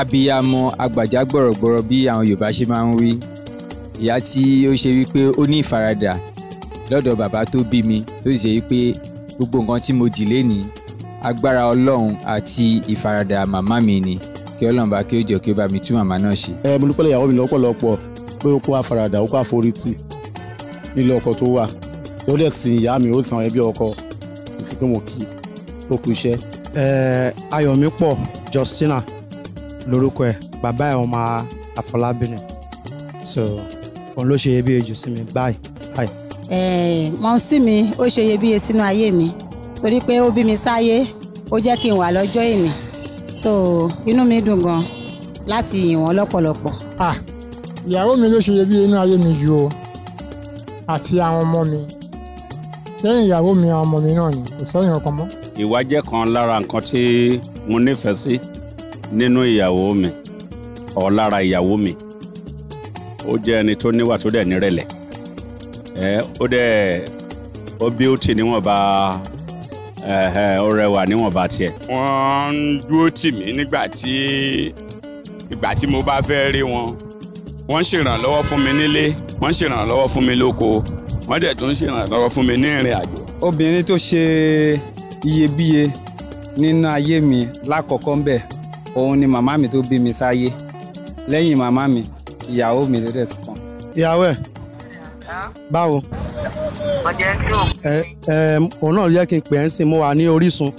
abiyamọ àgbàjá gbọ̀rọ̀gbọ̀rọ̀ bí àwọn Yorùbá ṣe máa ń wí ìyá tí ó ṣe wípé ó ní ìfaradà lọ́dọ̀ bàbá tó bí mi tó ṣe wípé gbogbo nǹkan tí mo dì lénìí agbára Ọlọ́run àti ìfaradà màmá mi ni kí Ọlọ́run bá kí ó jọ kí ó bá mi tún màmá náà ṣe. ẹ mo dúpẹ́ lẹ́yàwó mi lọ́pọ̀lọpọ̀ pé ó kó àfaradà ó kó àforítì nílé ọkọ tó wà ó dẹ̀ sin ìyá mi ó san ẹbí ọkọ ìsìnkú mọ̀ kí ó kú iṣẹ́. ayọ̀ mi pọ̀ Justina lórúkọ ẹ̀ bàbá ẹ̀ ọmọ Àfọlábí ni so òun ló ṣe iyebíye jù sí mi báyìí báyìí. ẹ mọ̀ọ́sí mi ó ṣe iyebíye sínú ayé mi torí pé ó bí mi sáyé ó jẹ́ kí n wà lọ́jọ́ ìní so inú mi dùn gan láti yìn wọ́n lọ́pọ̀lọpọ̀. ah ìyàwó mi ló ṣe iyebíye inú ayé mi ju o àti àwọn ọmọ mi lẹ́yìn ìyàwó mi àwọn ọmọ mi náà ni kò sẹ́yìn ọkàn mọ́. ìwà jẹ́ kan lára nǹkan tí mo nífẹ̀ẹ́ sí nínú ìyàwó mi ọ̀ lára ìyàwó mi ó jẹ́ ẹni tó níwà tó dẹ̀ nírẹ̀lẹ̀ ẹ ó dẹ̀ ó bíútì níwọ̀nba ó rẹwà níwọ̀nba tiẹ̀. wọ́n ń dúró tì mí nígbà tí ìgbà tí mo bá fẹ́ rí wọn wọ́n ṣèrànlọ́wọ́ fún mi nílé wọ́n ṣèrànlọ́wọ́ fún mi lóko wọ́n dẹ̀ tún ṣèrànlọ́wọ́ fún mi ní ìrìn àjò. obìnrin tó ṣe iyebíye nínú ayé mi lákọ̀ọ́kọ́ ń bẹ̀ òun ni màmá mi tó bí mi sáyé lẹ́yìn màmá mi ìyàwó mi ló dẹ̀ tún kàn. ìyàwó ẹ báwo. ọjọ́ ẹ ẹ òun náà yẹ kí n pè ẹ́ ń mo wà ní Orísun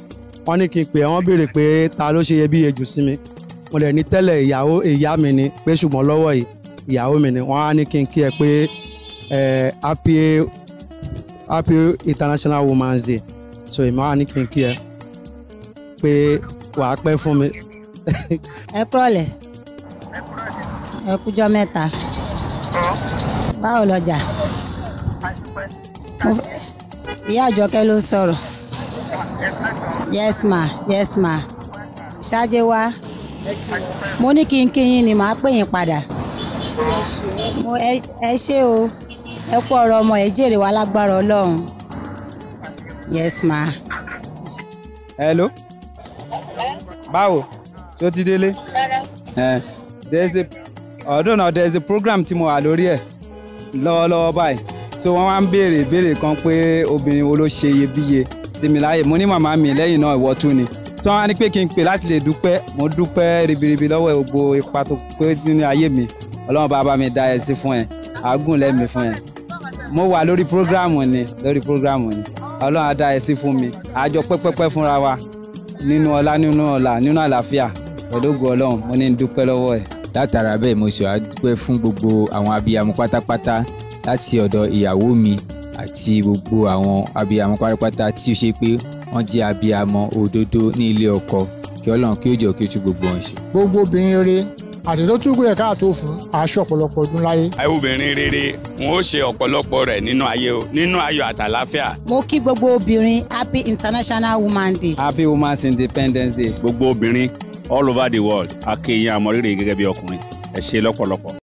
wọ́n ní kí n pè ẹ́ wọ́n béèrè pé ta ló ṣe iyebíye jù sí mi mo lè ní tẹ́lẹ̀ ìyàwó ìyá mi ni pé ṣùgbọ́n lọ́wọ́ yìí ìyàwó mi ni wọ́n á ní kí n kí ẹ pé happy international women's day so ìmọ̀ á ní kí n kí ẹ pé wàá pẹ́ fún mi ẹ kúrọ̀lẹ́ ẹ kújọ́ mẹ́ta báwo lọ́jà ìyá àjọkẹ́ ló ń sọ̀rọ̀ yes ma yes ma ṣáájé wa. mo ní kí n kí ni màá pè yín padà mo ẹ ṣé o ẹ kú ọ̀rọ̀ ọmọ ẹ jèrè wa lágbára ọlọ́run yes ma. hello báwo ṣé o ti délé. ọdún náà there is a program tí mo wà lórí ẹ̀ lọ́wọ́lọ́wọ́ báyìí so wọ́n wá ń béèrè ìbéèrè kan pé obìnrin wo ló ṣe iyebíye tì mí láàyè mo ní màmá mi lẹ́yìn náà ìwọ tún ni tí wọ́n á ní pé kí n pè láti lè dúpẹ́ mo dúpẹ́ ribiribi lọ́wọ́ gbogbo ipa tó pé nínú ayé mi ọlọ́run bàbá mi dá ẹ sí fún ẹ àágùn lẹ́mí fún ẹ mo wà lórí prógráàmù ni lórí prógráàmù ni ọlọ́run á dá ẹ sí fún mi àjọ pẹ́pẹ́pẹ́ fúnra wa nínú ọlá nínú ọlà nínú àlàáfíà pẹ̀lú ògùn ọlọ́run mo ní dúpẹ́ lọ́wọ́ ẹ̀. látara bẹ́ẹ̀ mo ṣe wá dúpẹ́ fún gbogbo àwọn abiyamọ pátápátá láti ọ̀dọ̀ ìyàwó mi àti gbogbo àwọn abiyamọ pátápátá tí ó ṣe pé wọ́n jẹ́ abiyamọ òdodo ní ilé ọkọ kí ọlọ́run kí ó jọ kí ó tún gbogbo wọn ṣe. gbogbo obìnrin rere àti tó tún gbìyànjú káàtó fún aṣọ ọ̀pọ̀lọpọ̀ ọdún láyé. obìnrin rere wọn ó ṣe ọ̀pọ̀lọpọ̀ rẹ̀ nínú ayé o nínú ayọ̀ àtàláfíà. mo kí gbogbo obìnrin happy international woman day. happy women's independence day. gbogbo obìnrin all over the world a kí yín àmọ́ rírè gẹ́gẹ́ bí ọkùnrin ẹ ṣé lọ́pọ̀lọpọ̀.